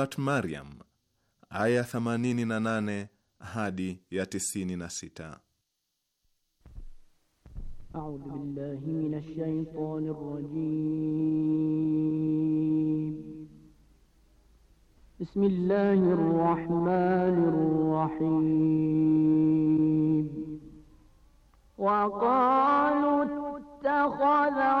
Surat Maryam aya 88 hadi ya 96. Bismillahir rahmanir rahim. Wa qalu ittakhadha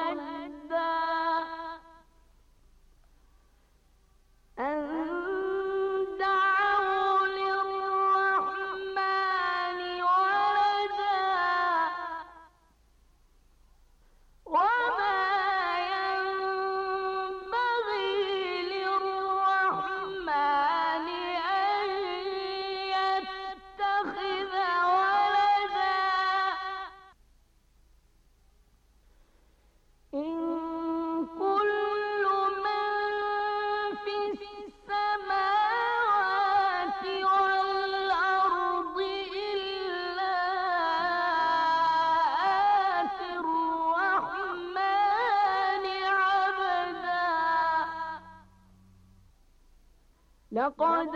Um, لقد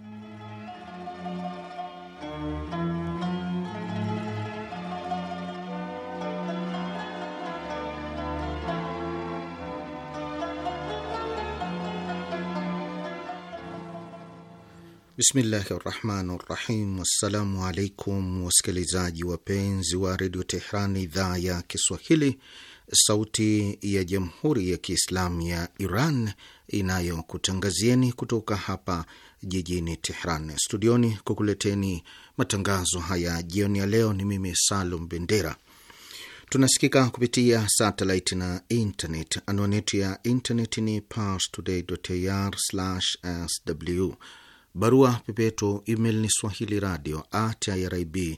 Bismillahi rahmani rahim. Wassalamu alaikum wasikilizaji wapenzi wa redio Tehran, idhaa ya Kiswahili, sauti ya jamhuri ya Kiislamu ya Iran inayokutangazieni kutoka hapa jijini Tehran studioni kukuleteni matangazo haya jioni ya leo. Ni mimi Salum Bendera. Tunasikika kupitia satellite na internet. Anwani yetu ya internet ni parstoday.ir/sw Barua pepe yetu email ni swahili radio at irib ir.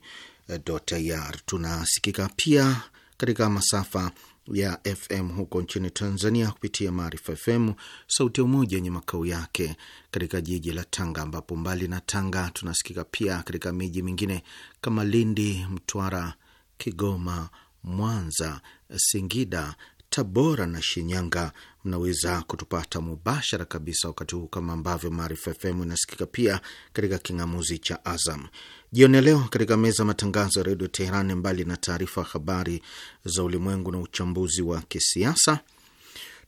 Tunasikika pia katika masafa ya FM huko nchini Tanzania kupitia Maarifa FM sauti ya Umoja yenye makao yake katika jiji la Tanga, ambapo mbali na Tanga tunasikika pia katika miji mingine kama Lindi, Mtwara, Kigoma, Mwanza, Singida Tabora na Shinyanga. Mnaweza kutupata mubashara kabisa wakati huu kama ambavyo Maarifa FM inasikika pia katika king'amuzi cha Azam. Jioni leo katika meza ya matangazo ya Redio Teheran, mbali na taarifa ya habari za ulimwengu na uchambuzi wa kisiasa,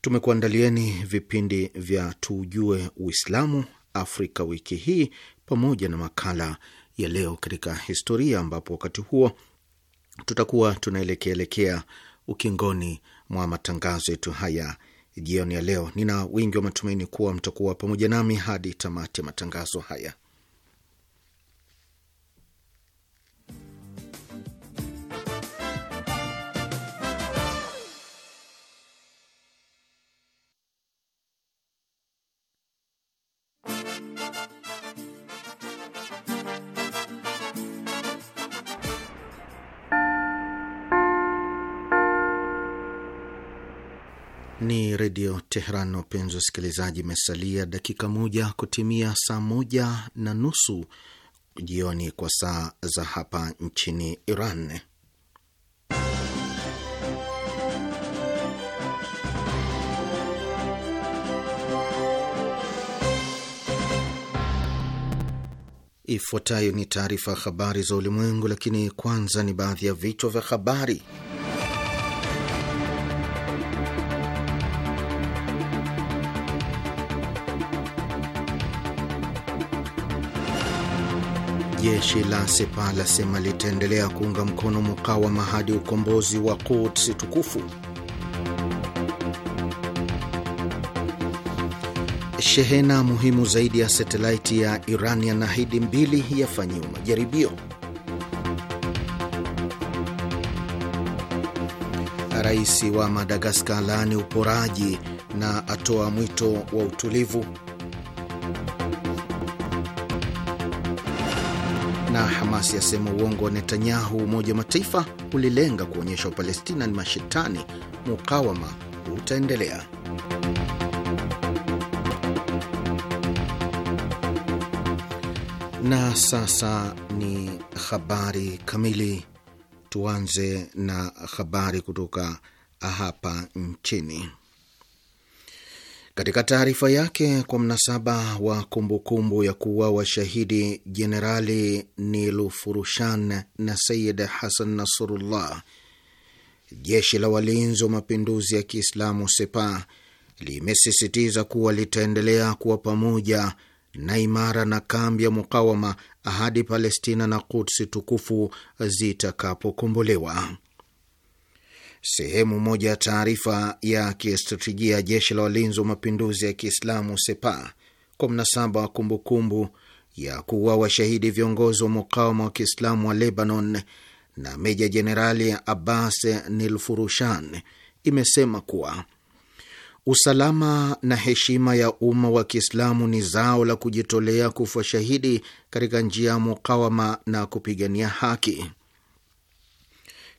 tumekuandalieni vipindi vya Tujue Uislamu, Afrika Wiki Hii, pamoja na makala ya Leo katika Historia, ambapo wakati huo tutakuwa tunaelekeelekea ukingoni mwa matangazo yetu haya jioni ya leo. Nina wingi wa matumaini kuwa mtakuwa pamoja nami hadi tamati ya matangazo haya. Ni Redio Tehran. Wapenzi wasikilizaji, imesalia dakika moja kutimia saa moja na nusu jioni kwa saa za hapa nchini Iran. Ifuatayo ni taarifa habari za ulimwengu, lakini kwanza ni baadhi ya vichwa vya habari. Jeshi la Sepa lasema litaendelea kuunga mkono mukawama hadi ukombozi wa Quds tukufu. Shehena muhimu zaidi ya satelaiti ya Iran ya Nahidi mbili yafanyiwa majaribio. Rais wa Madagaskar laani uporaji na atoa mwito wa utulivu. na Hamas yasema uongo wa Netanyahu. Umoja wa Mataifa ulilenga kuonyesha Upalestina ni mashetani. Mukawama utaendelea. Na sasa ni habari kamili. Tuanze na habari kutoka hapa nchini. Katika taarifa yake kwa mnasaba wa kumbukumbu kumbu ya kuuawa shahidi Jenerali Nilufurushan na Sayid Hasan Nasrullah, jeshi la walinzi wa mapinduzi ya Kiislamu sepa limesisitiza kuwa litaendelea kuwa pamoja na imara na kambi ya mukawama hadi Palestina na Kutsi tukufu zitakapokombolewa. Sehemu moja ya taarifa ya kistratejia ya jeshi la walinzi wa mapinduzi ya Kiislamu Sepa kwa mnasaba wa kumbukumbu ya kuwa washahidi viongozi wa mukawama wa Kiislamu wa Lebanon na meja jenerali Abbas Nilfurushan imesema kuwa usalama na heshima ya umma wa Kiislamu ni zao la kujitolea kufa shahidi katika njia ya mukawama na kupigania haki.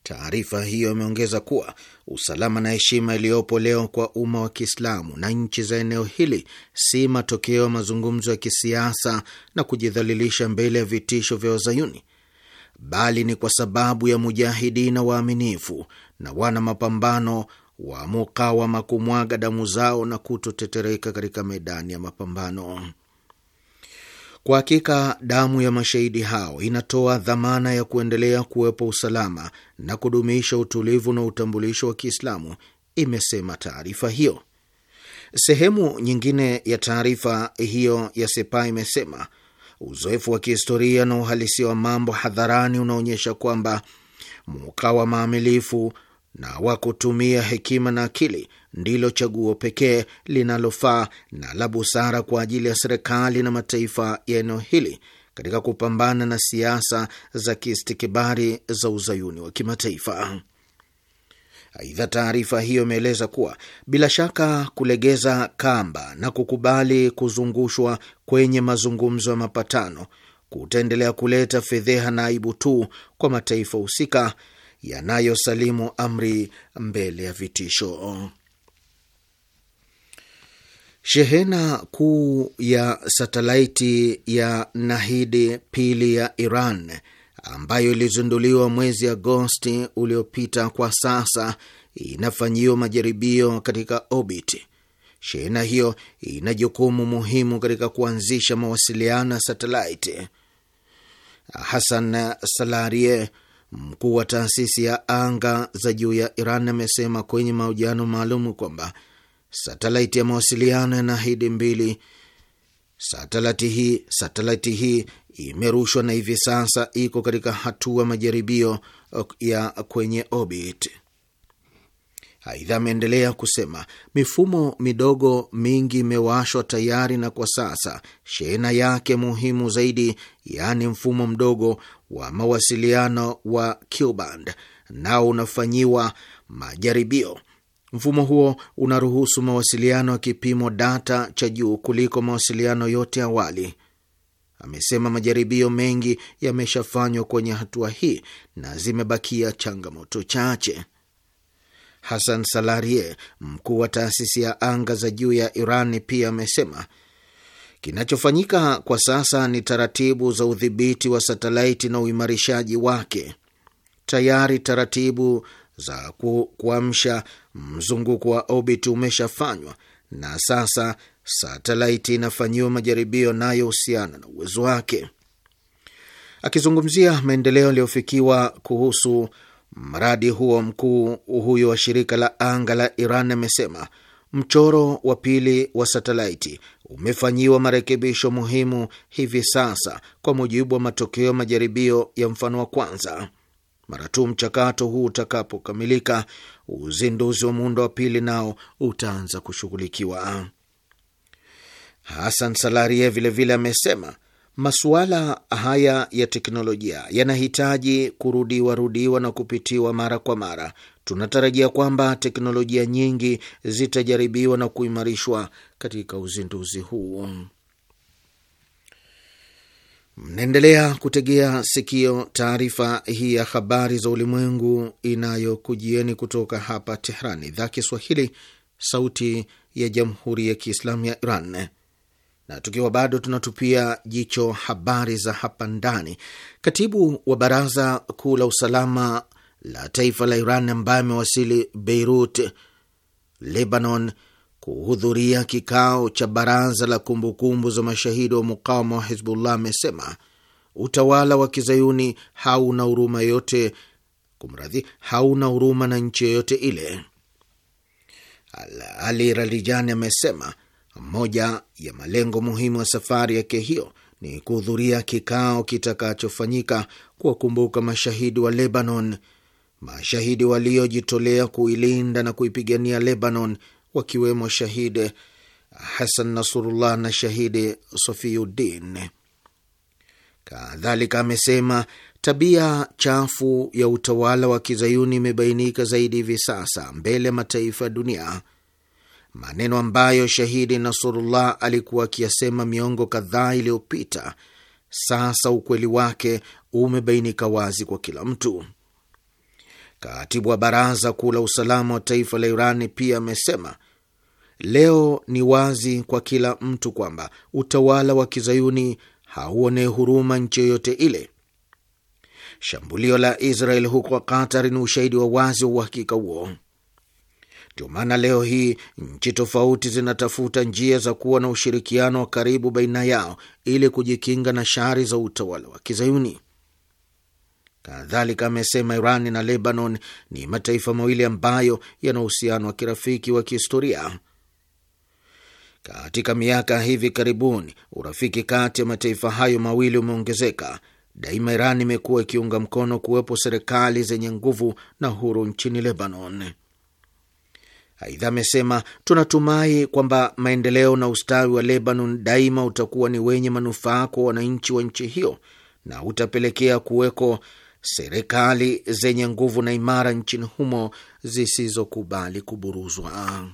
Taarifa hiyo imeongeza kuwa usalama na heshima iliyopo leo kwa umma wa Kiislamu na nchi za eneo hili si matokeo ya mazungumzo ya kisiasa na kujidhalilisha mbele ya vitisho vya Wazayuni, bali ni kwa sababu ya mujahidina waaminifu na wana mapambano wa mukawama kumwaga damu zao na kutotetereka katika medani ya mapambano. Kwa hakika damu ya mashahidi hao inatoa dhamana ya kuendelea kuwepo usalama na kudumisha utulivu na utambulisho wa Kiislamu, imesema taarifa hiyo. Sehemu nyingine ya taarifa hiyo ya Sepa imesema uzoefu wa kihistoria na uhalisia wa mambo hadharani unaonyesha kwamba mukawama maamilifu na wa kutumia hekima na akili ndilo chaguo pekee linalofaa na la busara kwa ajili ya serikali na mataifa ya eneo hili katika kupambana na siasa za kiistikibari za uzayuni wa kimataifa. Aidha, taarifa hiyo imeeleza kuwa bila shaka kulegeza kamba na kukubali kuzungushwa kwenye mazungumzo ya mapatano kutaendelea kuleta fedheha na aibu tu kwa mataifa husika yanayosalimu amri mbele ya vitisho. Shehena kuu ya satelaiti ya Nahidi pili ya Iran ambayo ilizinduliwa mwezi Agosti uliopita kwa sasa inafanyiwa majaribio katika orbit. Shehena hiyo ina jukumu muhimu katika kuanzisha mawasiliano ya satelaiti. Hasan Salarie, mkuu wa taasisi ya anga za juu ya Iran, amesema kwenye mahojiano maalum kwamba satelaiti ya mawasiliano ya Nahidi mbili. Satelaiti hii satelaiti hii imerushwa na hivi sasa iko katika hatua majaribio ya kwenye orbit. Aidha, ameendelea kusema mifumo midogo mingi imewashwa tayari, na kwa sasa shehena yake muhimu zaidi, yaani mfumo mdogo wa mawasiliano wa Q-band, nao unafanyiwa majaribio Mfumo huo unaruhusu mawasiliano ya kipimo data cha juu kuliko mawasiliano yote awali. Amesema majaribio mengi yameshafanywa kwenye hatua hii na zimebakia changamoto chache. Hassan Salarie, mkuu wa taasisi ya anga za juu ya Iran, pia amesema kinachofanyika kwa sasa ni taratibu za udhibiti wa satelaiti na uimarishaji wake. Tayari taratibu za kuamsha mzunguko wa orbit umeshafanywa na sasa satelaiti inafanyiwa majaribio yanayohusiana na uwezo wake. Akizungumzia maendeleo yaliyofikiwa kuhusu mradi huo, mkuu huyo wa shirika la anga la Iran amesema mchoro wa pili wa satelaiti umefanyiwa marekebisho muhimu hivi sasa kwa mujibu wa matokeo ya majaribio ya mfano wa kwanza. Mara tu mchakato huu utakapokamilika, uzinduzi wa muundo wa pili nao utaanza kushughulikiwa. Hasan Salarie vilevile amesema masuala haya ya teknolojia yanahitaji kurudiwa rudiwa na kupitiwa mara kwa mara. Tunatarajia kwamba teknolojia nyingi zitajaribiwa na kuimarishwa katika uzinduzi huu. Mnaendelea kutegea sikio taarifa hii ya habari za ulimwengu inayokujieni kutoka hapa Tehran, idhaa Kiswahili, sauti ya jamhuri ya kiislamu ya Iran. Na tukiwa bado tunatupia jicho habari za hapa ndani, katibu wa baraza kuu la usalama la taifa la Iran ambaye amewasili Beirut, Lebanon, kuhudhuria kikao cha baraza la kumbukumbu za mashahidi wa mukawama wa Hizbullah amesema utawala wa kizayuni hauna huruma yote, kumradhi, hauna huruma na nchi yoyote ile. Ali Ralijani amesema moja ya malengo muhimu ya safari yake hiyo ni kuhudhuria kikao kitakachofanyika kuwakumbuka mashahidi wa Lebanon, mashahidi waliojitolea kuilinda na kuipigania Lebanon wakiwemo shahidi Hasan Nasrullah na shahidi Sofiuddin. Kadhalika amesema tabia chafu ya utawala wa kizayuni imebainika zaidi hivi sasa mbele ya mataifa ya dunia, maneno ambayo shahidi Nasurullah alikuwa akiyasema miongo kadhaa iliyopita. Sasa ukweli wake umebainika wazi kwa kila mtu. Katibu wa Baraza Kuu la Usalama wa Taifa la Irani pia amesema leo ni wazi kwa kila mtu kwamba utawala wa kizayuni hauonee huruma nchi yoyote ile. Shambulio la Israel huko Qatar ni ushahidi wa wazi wa uhakika huo. Ndio maana leo hii nchi tofauti zinatafuta njia za kuwa na ushirikiano wa karibu baina yao ili kujikinga na shari za utawala wa kizayuni. Kadhalika amesema Iran na Lebanon ni mataifa mawili ambayo yana uhusiano wa kirafiki wa kihistoria. Katika miaka hivi karibuni, urafiki kati ya mataifa hayo mawili umeongezeka. Daima Iran imekuwa ikiunga mkono kuwepo serikali zenye nguvu na huru nchini Lebanon. Aidha amesema tunatumai kwamba maendeleo na ustawi wa Lebanon daima utakuwa ni wenye manufaa kwa wananchi wa nchi hiyo na utapelekea kuweko serikali zenye nguvu na imara nchini humo zisizokubali kuburuzwa.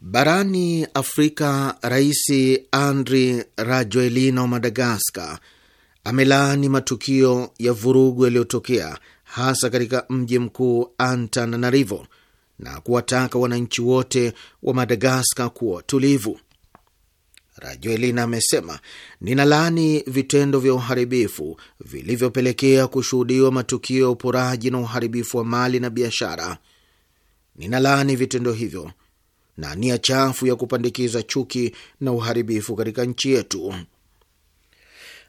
Barani Afrika, Rais Andry Rajoelina wa Madagaskar amelaani matukio ya vurugu yaliyotokea hasa katika mji mkuu Antananarivo na kuwataka wananchi wote wa Madagaskar kuwa tulivu. Rajoelina amesema ninalaani vitendo vya uharibifu vilivyopelekea kushuhudiwa matukio ya uporaji na uharibifu wa mali na biashara. Ninalaani vitendo hivyo na nia chafu ya kupandikiza chuki na uharibifu katika nchi yetu.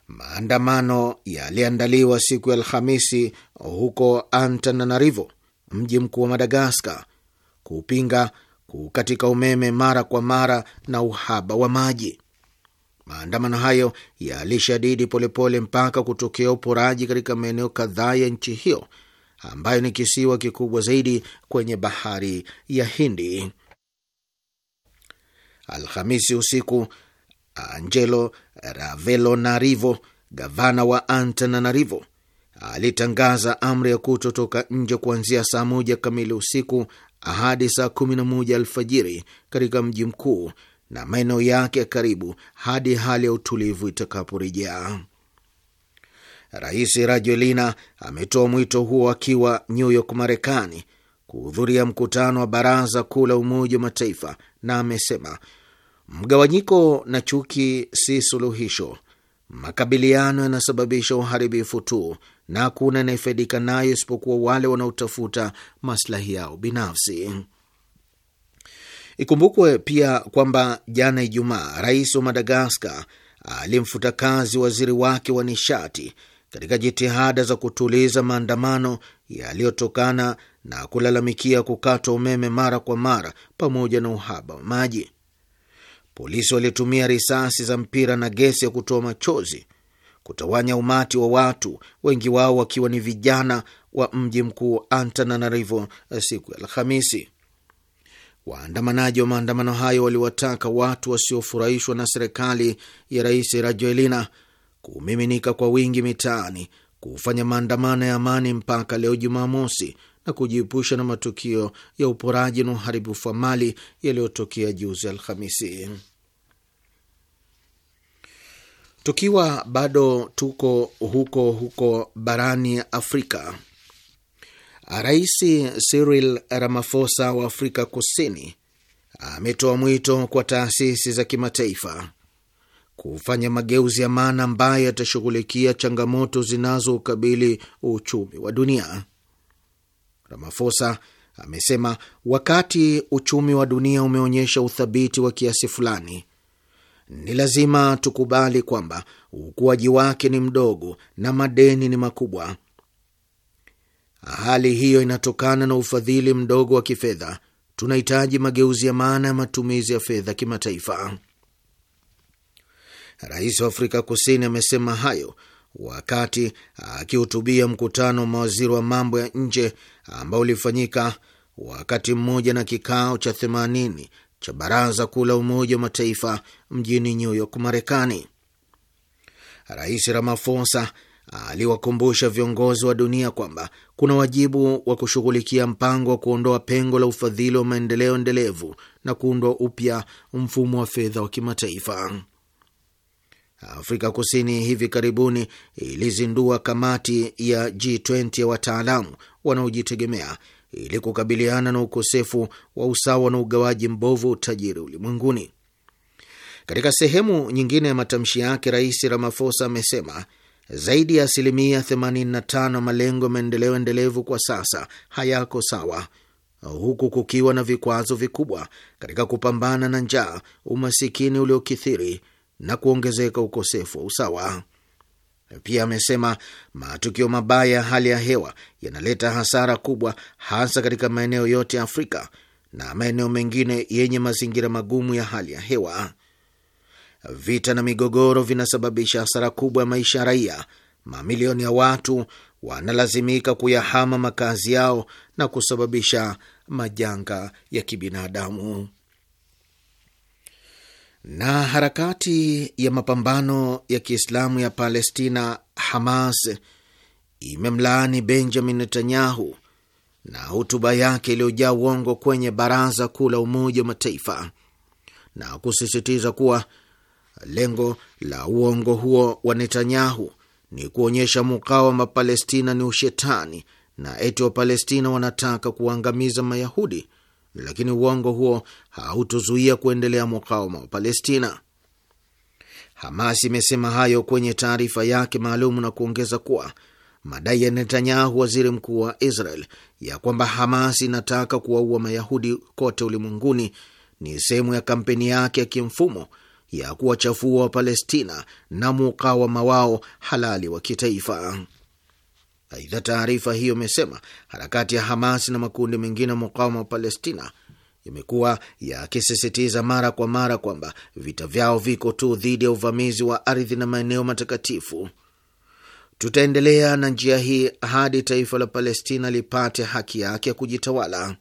Maandamano yaliandaliwa siku ya Alhamisi huko Antananarivo, mji mkuu wa Madagaskar, kupinga kukatika umeme mara kwa mara na uhaba wa maji. Maandamano hayo yalishadidi polepole mpaka kutokea uporaji katika maeneo kadhaa ya nchi hiyo ambayo ni kisiwa kikubwa zaidi kwenye bahari ya Hindi. Alhamisi usiku, Angelo Ravelonarivo, gavana wa Antananarivo, alitangaza amri ya kutotoka nje kuanzia saa moja kamili usiku hadi saa moja alfajiri katika mji mkuu na maeneo yake ya karibu hadi hali ya utulivu itakaporejea. Rais Rajoelina ametoa mwito huo akiwa New York, Marekani, kuhudhuria mkutano wa Baraza Kuu la Umoja wa Mataifa, na amesema mgawanyiko na chuki si suluhisho, makabiliano yanasababisha uharibifu tu na hakuna anayefaidika nayo isipokuwa wale wanaotafuta maslahi yao binafsi. Ikumbukwe pia kwamba jana Ijumaa, rais wa Madagaskar alimfuta kazi waziri wake wa nishati katika jitihada za kutuliza maandamano yaliyotokana na kulalamikia kukatwa umeme mara kwa mara pamoja na uhaba wa maji. Polisi walitumia risasi za mpira na gesi ya kutoa machozi kutawanya umati wa watu, wengi wao wakiwa ni vijana wa mji mkuu Antananarivo eh, siku ya Alhamisi. Waandamanaji wa maandamano hayo waliwataka watu wasiofurahishwa na serikali ya Rais Rajoelina kumiminika kwa wingi mitaani kufanya maandamano ya amani mpaka leo Jumamosi na kujiepusha na matukio ya uporaji na uharibifu wa mali yaliyotokea juzi Alhamisi. Tukiwa bado tuko huko huko barani Afrika, Rais Cyril Ramaphosa wa Afrika Kusini ametoa mwito kwa taasisi za kimataifa kufanya mageuzi ya maana ambayo yatashughulikia changamoto zinazoukabili uchumi wa dunia. Ramaphosa amesema wakati uchumi wa dunia umeonyesha uthabiti wa kiasi fulani ni lazima tukubali kwamba ukuaji wake ni mdogo na madeni ni makubwa. Hali hiyo inatokana na ufadhili mdogo wa kifedha. Tunahitaji mageuzi ya maana ya matumizi ya fedha kimataifa. Rais wa Afrika Kusini amesema hayo wakati akihutubia mkutano wa mawaziri wa mambo ya nje ambao ulifanyika wakati mmoja na kikao cha 80 cha Baraza Kuu la Umoja wa Mataifa mjini New York, Marekani. Rais Ramaphosa aliwakumbusha viongozi wa dunia kwamba kuna wajibu wa kushughulikia mpango wa kuondoa pengo la ufadhili wa maendeleo endelevu na kuundwa upya mfumo wa fedha wa kimataifa. Afrika Kusini hivi karibuni ilizindua kamati ya G20 ya wataalamu wanaojitegemea ili kukabiliana na ukosefu wa usawa na ugawaji mbovu wa utajiri ulimwenguni. Katika sehemu nyingine ya matamshi yake, Rais Ramaphosa amesema zaidi ya asilimia 85 malengo ya maendeleo endelevu kwa sasa hayako sawa, huku kukiwa na vikwazo vikubwa katika kupambana na njaa, umasikini uliokithiri na kuongezeka ukosefu wa usawa. Pia amesema matukio mabaya ya hali ya hewa yanaleta hasara kubwa, hasa katika maeneo yote ya Afrika na maeneo mengine yenye mazingira magumu ya hali ya hewa. Vita na migogoro vinasababisha hasara kubwa ya maisha ya raia. Mamilioni ya watu wanalazimika kuyahama makazi yao na kusababisha majanga ya kibinadamu. Na harakati ya mapambano ya Kiislamu ya Palestina, Hamas, imemlaani Benjamin Netanyahu na hotuba yake iliyojaa uongo kwenye Baraza Kuu la Umoja wa Mataifa na kusisitiza kuwa lengo la uongo huo wa Netanyahu ni kuonyesha mukawama Palestina ni ushetani na eti Wapalestina wanataka kuangamiza Mayahudi lakini uongo huo hautozuia kuendelea mukawama wa Palestina. Hamas imesema hayo kwenye taarifa yake maalum na kuongeza kuwa madai ya Netanyahu, waziri mkuu wa Israel, ya kwamba Hamas inataka kuwaua Mayahudi kote ulimwenguni ni sehemu ya kampeni yake ya kimfumo ya kuwachafua Wapalestina na mukawama wao halali wa kitaifa. Aidha, taarifa hiyo imesema harakati ya Hamas na makundi mengine mukawama wa Palestina yamekuwa yakisisitiza mara kwa mara kwamba vita vyao viko tu dhidi ya uvamizi wa ardhi na maeneo matakatifu. Tutaendelea na njia hii hadi taifa la Palestina lipate haki yake ya kujitawala.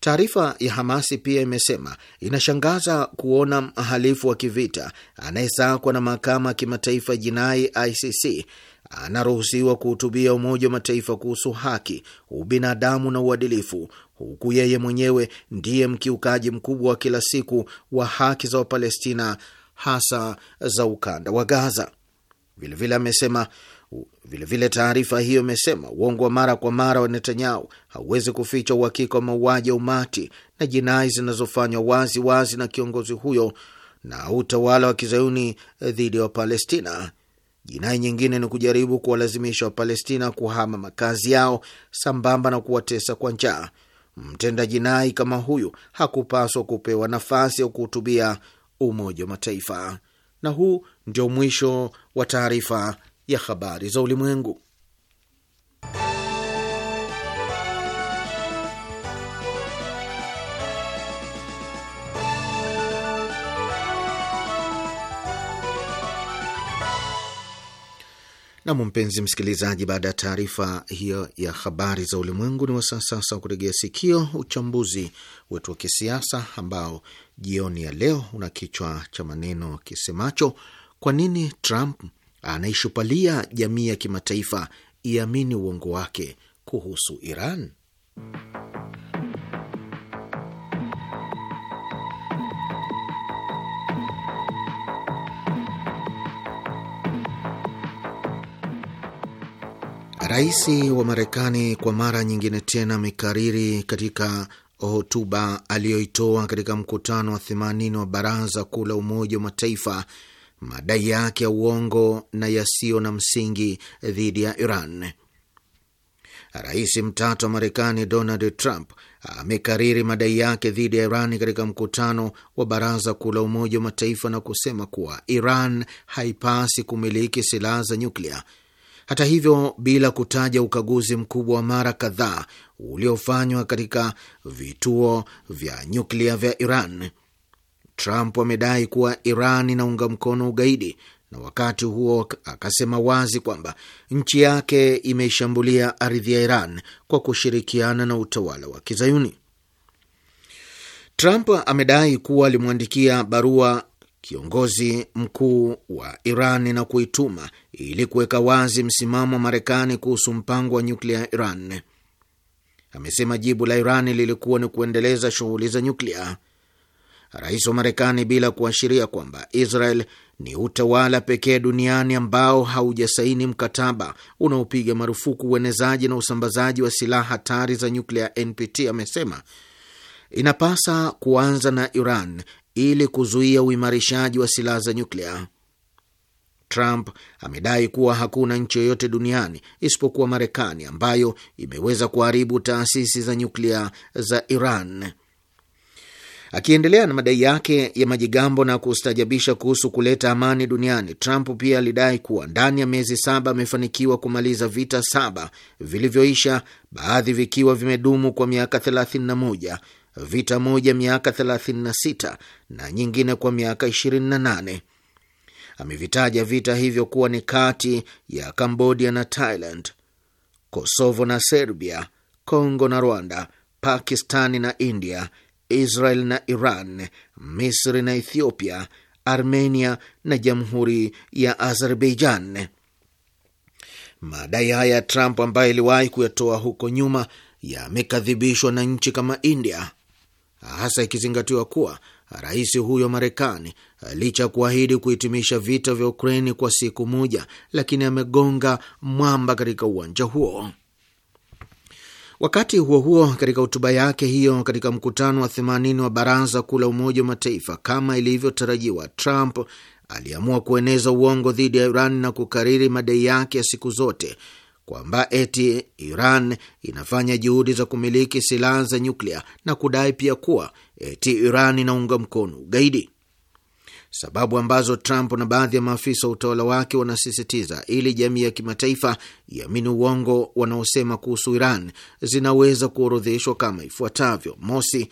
Taarifa ya Hamasi pia imesema inashangaza kuona mhalifu wa kivita anayesakwa na mahakama ya kimataifa jinai ICC anaruhusiwa kuhutubia Umoja wa Mataifa kuhusu haki, ubinadamu na uadilifu, huku yeye mwenyewe ndiye mkiukaji mkubwa wa kila siku wa haki za Wapalestina, hasa za ukanda wa Gaza. Vilevile amesema vilevile taarifa hiyo imesema uongo wa mara kwa mara wa Netanyahu hauwezi kuficha uhakika wa mauaji ya umati na jinai zinazofanywa wazi wazi na kiongozi huyo na utawala wa kizayuni dhidi ya Wapalestina. Jinai nyingine ni kujaribu kuwalazimisha Wapalestina kuhama makazi yao sambamba na kuwatesa kwa njaa. Mtenda jinai kama huyu hakupaswa kupewa nafasi ya kuhutubia Umoja wa Mataifa. Na huu ndio mwisho wa taarifa ya habari za ulimwengu. Nam, mpenzi msikilizaji, baada ya taarifa hiyo ya habari za ulimwengu, ni wasaa sasa wa kuregea sikio uchambuzi wetu wa kisiasa ambao jioni ya leo una kichwa cha maneno kisemacho kwa nini Trump anaishupalia jamii ya kimataifa iamini uongo wake kuhusu Iran. Rais wa Marekani kwa mara nyingine tena amekariri katika hotuba aliyoitoa katika mkutano wa 80 wa Baraza Kuu la Umoja wa Mataifa madai yake ya uongo na yasiyo na msingi dhidi ya Iran. Rais mtatu wa Marekani Donald Trump amekariri madai yake dhidi ya Iran katika mkutano wa Baraza Kuu la Umoja wa Mataifa na kusema kuwa Iran haipasi kumiliki silaha za nyuklia hata hivyo, bila kutaja ukaguzi mkubwa wa mara kadhaa uliofanywa katika vituo vya nyuklia vya Iran, Trump amedai kuwa Iran inaunga mkono ugaidi na wakati huo akasema wazi kwamba nchi yake imeishambulia ardhi ya Iran kwa kushirikiana na utawala wa Kizayuni. Trump amedai kuwa alimwandikia barua kiongozi mkuu wa Iran na kuituma ili kuweka wazi msimamo wa Marekani kuhusu mpango wa nyuklia ya Iran. Amesema jibu la Iran lilikuwa ni kuendeleza shughuli za nyuklia. Rais wa Marekani, bila kuashiria kwamba Israel ni utawala pekee duniani ambao haujasaini mkataba unaopiga marufuku uenezaji na usambazaji wa silaha hatari za nyuklia NPT, amesema inapasa kuanza na Iran ili kuzuia uimarishaji wa silaha za nyuklia. Trump amedai kuwa hakuna nchi yoyote duniani isipokuwa Marekani ambayo imeweza kuharibu taasisi za nyuklia za Iran. Akiendelea na madai yake ya majigambo na kustajabisha kuhusu kuleta amani duniani, Trump pia alidai kuwa ndani ya miezi saba amefanikiwa kumaliza vita saba vilivyoisha, baadhi vikiwa vimedumu kwa miaka 31 vita moja miaka 36 na nyingine kwa miaka 28. Amevitaja vita hivyo kuwa ni kati ya Kambodia na Thailand, Kosovo na Serbia, congo na Rwanda, Pakistani na India, Israel na Iran, Misri na Ethiopia, Armenia na Jamhuri ya Azerbaijan. Madai haya ya Trump ambaye iliwahi kuyatoa huko nyuma yamekadhibishwa na nchi kama India, hasa ikizingatiwa kuwa rais huyo Marekani licha ya kuahidi kuhitimisha vita vya Ukraini kwa siku moja, lakini amegonga mwamba katika uwanja huo. Wakati huo huo, katika hotuba yake hiyo katika mkutano wa 80 wa Baraza Kuu la Umoja wa Mataifa, kama ilivyotarajiwa, Trump aliamua kueneza uongo dhidi ya Iran na kukariri madai yake ya siku zote kwamba eti Iran inafanya juhudi za kumiliki silaha za nyuklia na kudai pia kuwa eti Iran inaunga mkono ugaidi, sababu ambazo Trump na baadhi ya maafisa wa utawala wake wanasisitiza ili jamii ya kimataifa iamini uongo wanaosema kuhusu Iran zinaweza kuorodheshwa kama ifuatavyo: mosi,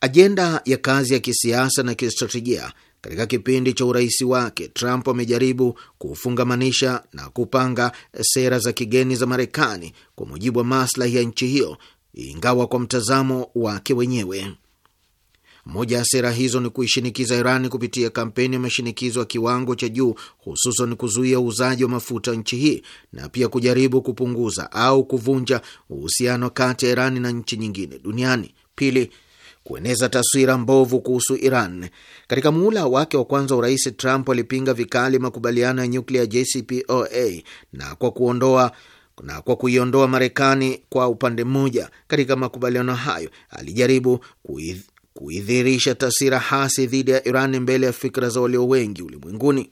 ajenda ya kazi ya kisiasa na kistratejia katika kipindi cha urais wake, Trump amejaribu kufungamanisha na kupanga sera za kigeni za Marekani kwa mujibu wa maslahi ya nchi hiyo, ingawa kwa mtazamo wake wenyewe. Moja ya sera hizo ni kuishinikiza Iran kupitia kampeni ya mashinikizo ya kiwango cha juu, hususan kuzuia uuzaji wa mafuta nchi hii na pia kujaribu kupunguza au kuvunja uhusiano kati ya Iran na nchi nyingine duniani. Pili, kueneza taswira mbovu kuhusu Iran. Katika muhula wake wa kwanza urais, Trump alipinga vikali makubaliano ya nyuklia JCPOA na kwa kuondoa na kwa kuiondoa Marekani kwa upande mmoja katika makubaliano hayo, alijaribu kuidhirisha taswira hasi dhidi ya Iran mbele ya fikra za walio wengi ulimwenguni.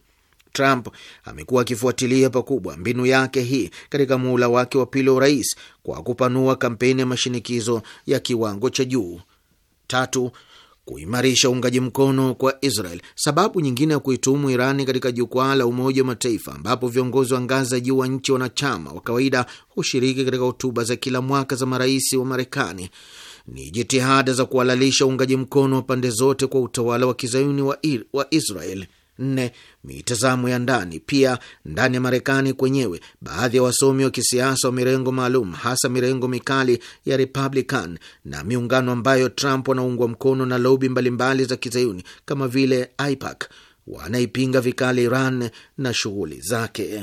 Trump amekuwa akifuatilia pakubwa mbinu yake hii katika muhula wake wa pili wa urais kwa kupanua kampeni ya mashinikizo ya kiwango cha juu. Tatu, kuimarisha uungaji mkono kwa Israel. Sababu nyingine ya kuituhumu Irani katika jukwaa la Umoja wa Mataifa, ambapo viongozi wa ngazi za juu wa nchi wanachama wa kawaida hushiriki katika hotuba za kila mwaka za marais wa Marekani, ni jitihada za kuhalalisha uungaji mkono wa pande zote kwa utawala wa kizayuni wa Israel. Nne, mitazamo ya ndani. Pia ndani ya Marekani kwenyewe, baadhi ya wasomi wa kisiasa wa mirengo maalum, hasa mirengo mikali ya Republican na miungano ambayo Trump wanaungwa mkono na lobi mbalimbali za kizayuni kama vile AIPAC wanaipinga vikali Iran na shughuli zake.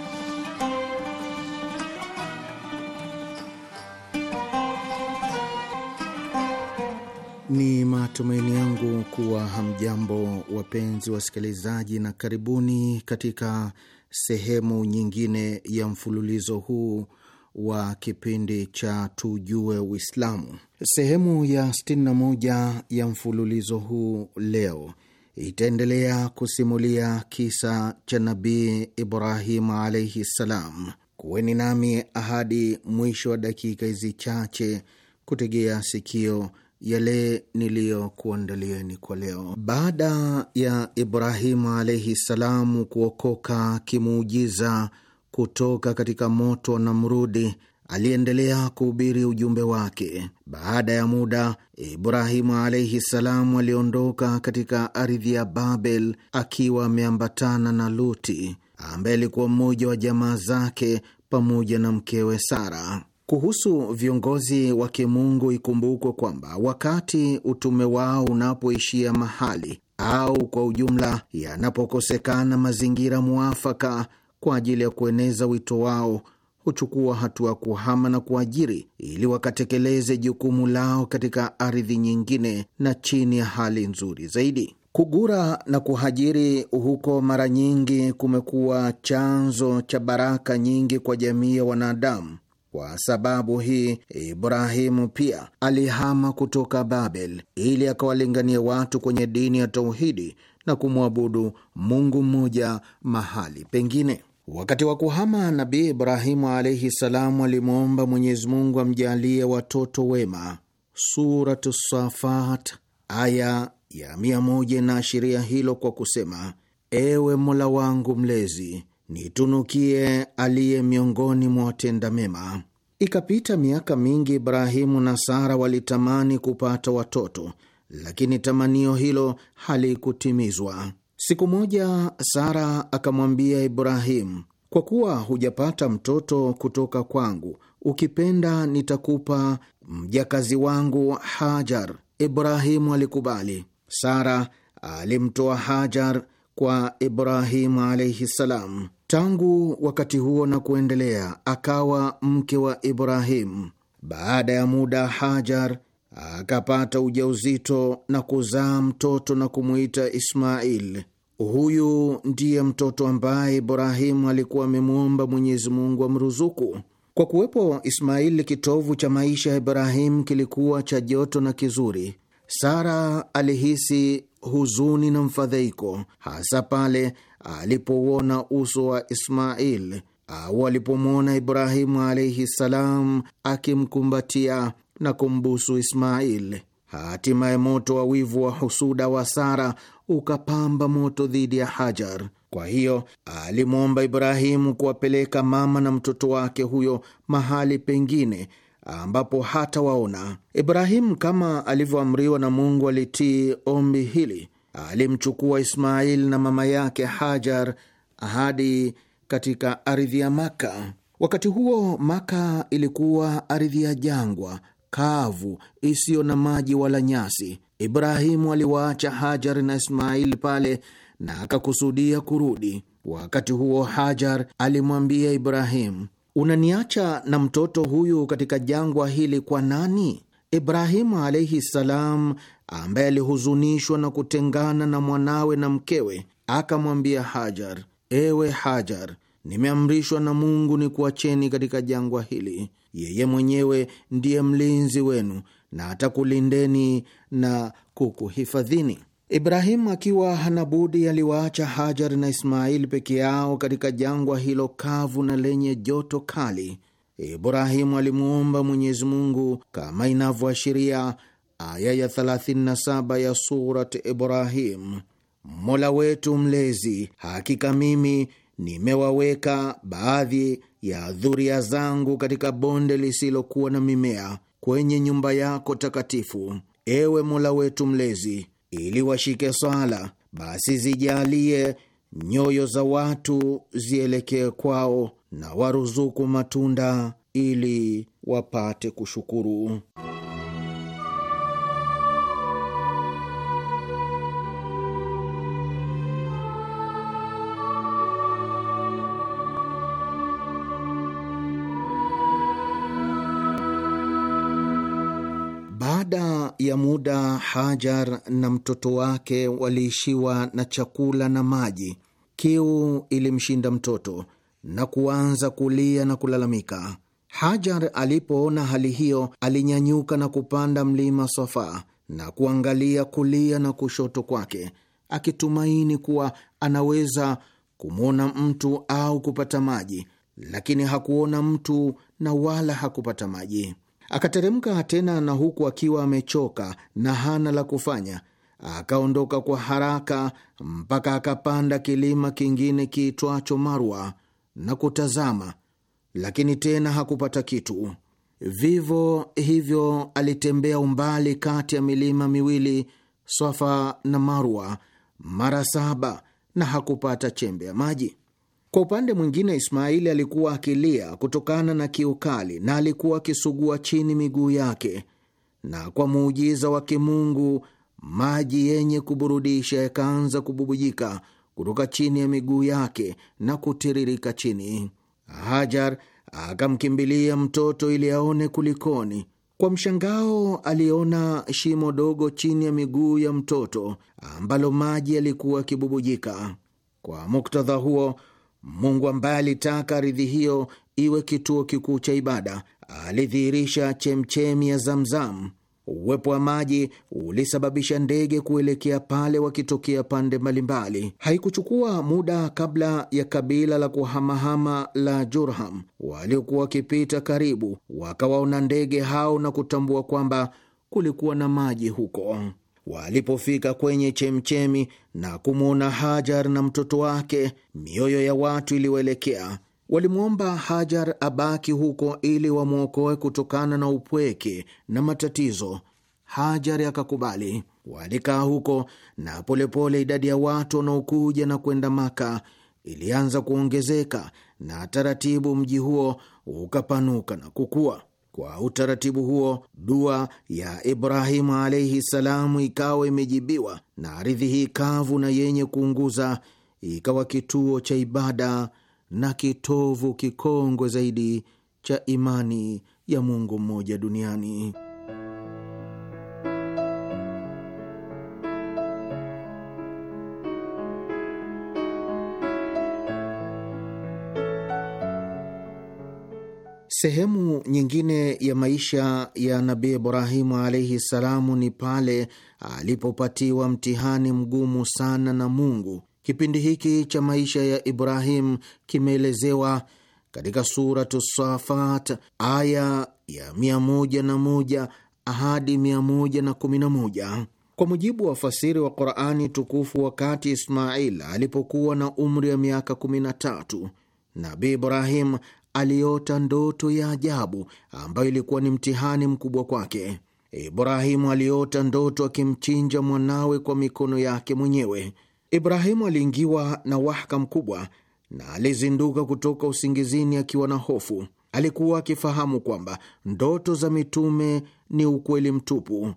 Ni matumaini yangu kuwa hamjambo, wapenzi wasikilizaji, na karibuni katika sehemu nyingine ya mfululizo huu wa kipindi cha Tujue Uislamu. Sehemu ya 61 ya mfululizo huu leo itaendelea kusimulia kisa cha Nabii Ibrahimu alaihi ssalam. Kuweni nami ahadi mwisho wa dakika hizi chache kutegea sikio yale niliyokuandalieni kwa leo. Baada ya Ibrahimu alaihi salamu kuokoka kimuujiza kutoka katika moto wa Namrudi, aliendelea kuhubiri ujumbe wake. Baada ya muda, Ibrahimu alaihi salamu aliondoka katika ardhi ya Babel akiwa ameambatana na Luti ambaye alikuwa mmoja wa jamaa zake pamoja na mkewe Sara. Kuhusu viongozi wa kimungu, ikumbukwe kwamba wakati utume wao unapoishia mahali au kwa ujumla yanapokosekana mazingira muafaka kwa ajili ya kueneza wito wao, huchukua hatua kuhama na kuajiri ili wakatekeleze jukumu lao katika ardhi nyingine na chini ya hali nzuri zaidi. Kugura na kuhajiri huko mara nyingi kumekuwa chanzo cha baraka nyingi kwa jamii ya wanadamu kwa sababu hii Ibrahimu pia alihama kutoka Babel ili akawalingania watu kwenye dini ya tauhidi na kumwabudu Mungu mmoja mahali pengine. Wakati wa kuhama, Nabii Ibrahimu alaihi salamu alimwomba Mwenyezi Mungu amjalie watoto wema. Suratu Safat aya ya mia moja inaashiria hilo kwa kusema: ewe Mola wangu mlezi nitunukie aliye miongoni mwa watenda mema. Ikapita miaka mingi, Ibrahimu na Sara walitamani kupata watoto, lakini tamanio hilo halikutimizwa. Siku moja Sara akamwambia Ibrahimu, kwa kuwa hujapata mtoto kutoka kwangu, ukipenda nitakupa mjakazi wangu Hajar. Ibrahimu alikubali. Sara alimtoa Hajar kwa Ibrahimu alaihi salamu Tangu wakati huo na kuendelea, akawa mke wa Ibrahimu. Baada ya muda, Hajar akapata ujauzito na kuzaa mtoto na kumwita Ismail. Huyu ndiye mtoto ambaye Ibrahimu alikuwa amemwomba Mwenyezi Mungu amruzuku. Kwa kuwepo Ismail, kitovu cha maisha ya Ibrahimu kilikuwa cha joto na kizuri. Sara alihisi huzuni na mfadhaiko, hasa pale alipouona uso wa Ismail au alipomwona Ibrahimu alaihi salam akimkumbatia na kumbusu Ismail. Hatimaye moto wa wivu wa husuda wa Sara ukapamba moto dhidi ya Hajar. Kwa hiyo alimwomba Ibrahimu kuwapeleka mama na mtoto wake huyo mahali pengine ambapo hata waona. Ibrahimu kama alivyoamriwa na Mungu alitii ombi hili alimchukua Ismail na mama yake Hajar hadi katika ardhi ya Maka. Wakati huo Maka ilikuwa ardhi ya jangwa kavu isiyo na maji wala nyasi. Ibrahimu aliwaacha Hajar na Ismail pale na akakusudia kurudi. Wakati huo Hajar alimwambia Ibrahimu, unaniacha na mtoto huyu katika jangwa hili kwa nani? Ibrahimu alaihi salam ambaye alihuzunishwa na kutengana na mwanawe na mkewe, akamwambia Hajar, ewe Hajar, nimeamrishwa na Mungu ni kuacheni katika jangwa hili. Yeye mwenyewe ndiye mlinzi wenu na atakulindeni na kukuhifadhini. Ibrahimu akiwa hana budi aliwaacha Hajar na Ismaili peke yao katika jangwa hilo kavu na lenye joto kali. Ibrahimu alimuomba Mwenyezi Mungu kama inavyoashiria aya ya 37 ya Surat Ibrahim: Mola wetu Mlezi, hakika mimi nimewaweka baadhi ya dhuria zangu katika bonde lisilokuwa na mimea kwenye nyumba yako takatifu, ewe Mola wetu Mlezi, ili washike swala, basi zijalie nyoyo za watu zielekee kwao na waruzuku matunda ili wapate kushukuru. Baada ya muda, Hajar na mtoto wake waliishiwa na chakula na maji. Kiu ilimshinda mtoto na kuanza kulia na kulalamika. Hajar alipoona hali hiyo, alinyanyuka na kupanda mlima Safa na kuangalia kulia na kushoto kwake, akitumaini kuwa anaweza kumwona mtu au kupata maji, lakini hakuona mtu na wala hakupata maji. Akateremka tena, na huku akiwa amechoka na hana la kufanya, akaondoka kwa haraka mpaka akapanda kilima kingine kiitwacho Marwa na kutazama, lakini tena hakupata kitu. Vivyo hivyo alitembea umbali kati ya milima miwili Swafa na Marwa mara saba na hakupata chembe ya maji. Kwa upande mwingine, Ismaili alikuwa akilia kutokana na kiukali na alikuwa akisugua chini miguu yake, na kwa muujiza wa kimungu maji yenye kuburudisha yakaanza kububujika kutoka chini ya miguu yake na kutiririka chini. Hajar akamkimbilia mtoto ili aone kulikoni. Kwa mshangao, aliona shimo dogo chini ya miguu ya mtoto ambalo maji yalikuwa yakibubujika. Kwa muktadha huo, Mungu ambaye alitaka ardhi hiyo iwe kituo kikuu cha ibada alidhihirisha chemchemi ya Zamzam Uwepo wa maji ulisababisha ndege kuelekea pale wakitokea pande mbalimbali. Haikuchukua muda kabla ya kabila la kuhamahama la Jurham waliokuwa wakipita karibu wakawaona ndege hao na kutambua kwamba kulikuwa na maji huko. Walipofika kwenye chemchemi na kumwona Hajar na mtoto wake, mioyo ya watu iliwaelekea Walimwomba Hajar abaki huko ili wamwokoe kutokana na upweke na matatizo. Hajar akakubali. Walikaa huko na polepole pole, idadi ya watu wanaokuja na kwenda Maka ilianza kuongezeka na taratibu mji huo ukapanuka na kukua. Kwa utaratibu huo, dua ya Ibrahimu alaihi salamu ikawa imejibiwa na ardhi hii kavu na yenye kuunguza ikawa kituo cha ibada na kitovu kikongwe zaidi cha imani ya Mungu mmoja duniani. Sehemu nyingine ya maisha ya Nabii Ibrahimu alaihi salamu ni pale alipopatiwa mtihani mgumu sana na Mungu Kipindi hiki cha maisha ya Ibrahim kimeelezewa katika Suratu Safat aya ya 101 hadi 111 kwa mujibu wa fasiri wa Qurani tukufu. Wakati Ismail alipokuwa na umri wa miaka 13, Nabi Ibrahim aliota ndoto ya ajabu ambayo ilikuwa ni mtihani mkubwa kwake. Ibrahimu aliota ndoto akimchinja mwanawe kwa mikono yake mwenyewe. Ibrahimu aliingiwa na wahaka mkubwa na alizinduka kutoka usingizini akiwa na hofu. Alikuwa akifahamu kwamba ndoto za mitume ni ukweli mtupu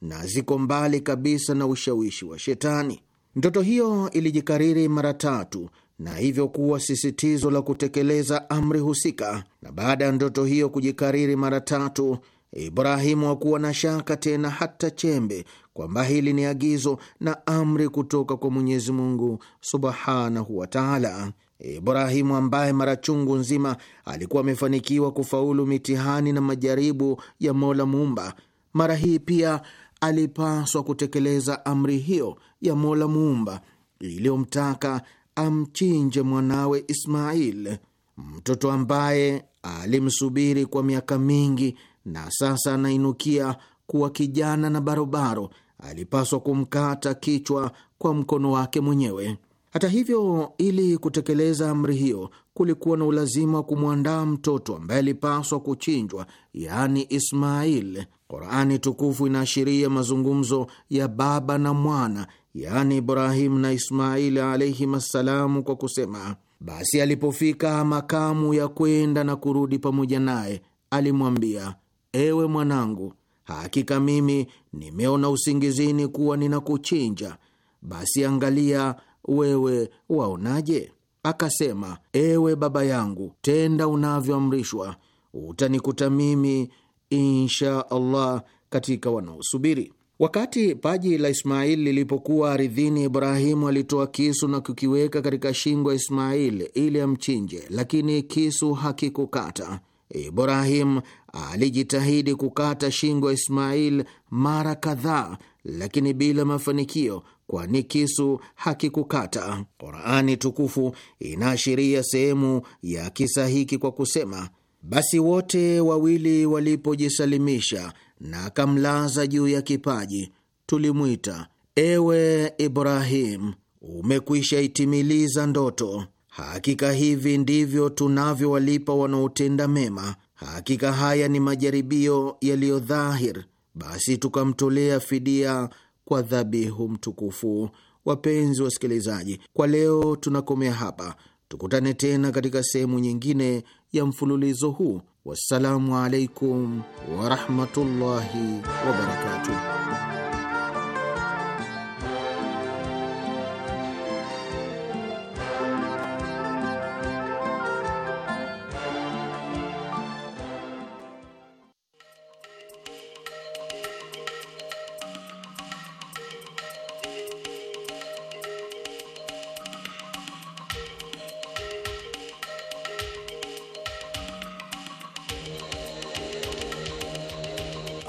na ziko mbali kabisa na ushawishi wa Shetani. Ndoto hiyo ilijikariri mara tatu na hivyo kuwa sisitizo la kutekeleza amri husika. Na baada ya ndoto hiyo kujikariri mara tatu, Ibrahimu hakuwa na shaka tena hata chembe kwamba hili ni agizo na amri kutoka kwa Mwenyezi Mungu subhanahu wa taala. Ibrahimu ambaye mara chungu nzima alikuwa amefanikiwa kufaulu mitihani na majaribu ya Mola Muumba, mara hii pia alipaswa kutekeleza amri hiyo ya Mola Muumba iliyomtaka amchinje mwanawe Ismail, mtoto ambaye alimsubiri kwa miaka mingi na sasa anainukia kuwa kijana na barobaro alipaswa kumkata kichwa kwa mkono wake mwenyewe. Hata hivyo, ili kutekeleza amri hiyo, kulikuwa na ulazima wa kumwandaa mtoto ambaye alipaswa kuchinjwa, yaani Ismail. Qurani tukufu inaashiria mazungumzo ya baba na mwana, yaani Ibrahimu na Ismail alaihim assalamu, kwa kusema, basi alipofika makamu ya kwenda na kurudi pamoja naye, alimwambia, ewe mwanangu Hakika mimi nimeona usingizini kuwa ninakuchinja, basi angalia wewe waonaje? Akasema, ewe baba yangu, tenda unavyoamrishwa, utanikuta mimi insha Allah katika wanaosubiri. Wakati paji la Ismaili lilipokuwa aridhini, Ibrahimu alitoa kisu na kukiweka katika shingo ya Ismaili ili amchinje, lakini kisu hakikukata. Ibrahim alijitahidi kukata shingo Ismail mara kadhaa, lakini bila mafanikio, kwani kisu hakikukata. Qurani tukufu inaashiria sehemu ya kisa hiki kwa kusema, basi wote wawili walipojisalimisha na akamlaza juu ya kipaji, tulimwita, ewe Ibrahim, umekwisha itimiliza ndoto. Hakika hivi ndivyo tunavyowalipa wanaotenda mema. Hakika haya ni majaribio yaliyo dhahir, basi tukamtolea fidia kwa dhabihu mtukufu. Wapenzi wasikilizaji, kwa leo tunakomea hapa, tukutane tena katika sehemu nyingine ya mfululizo huu. Wassalamu alaikum warahmatullahi wabarakatuh.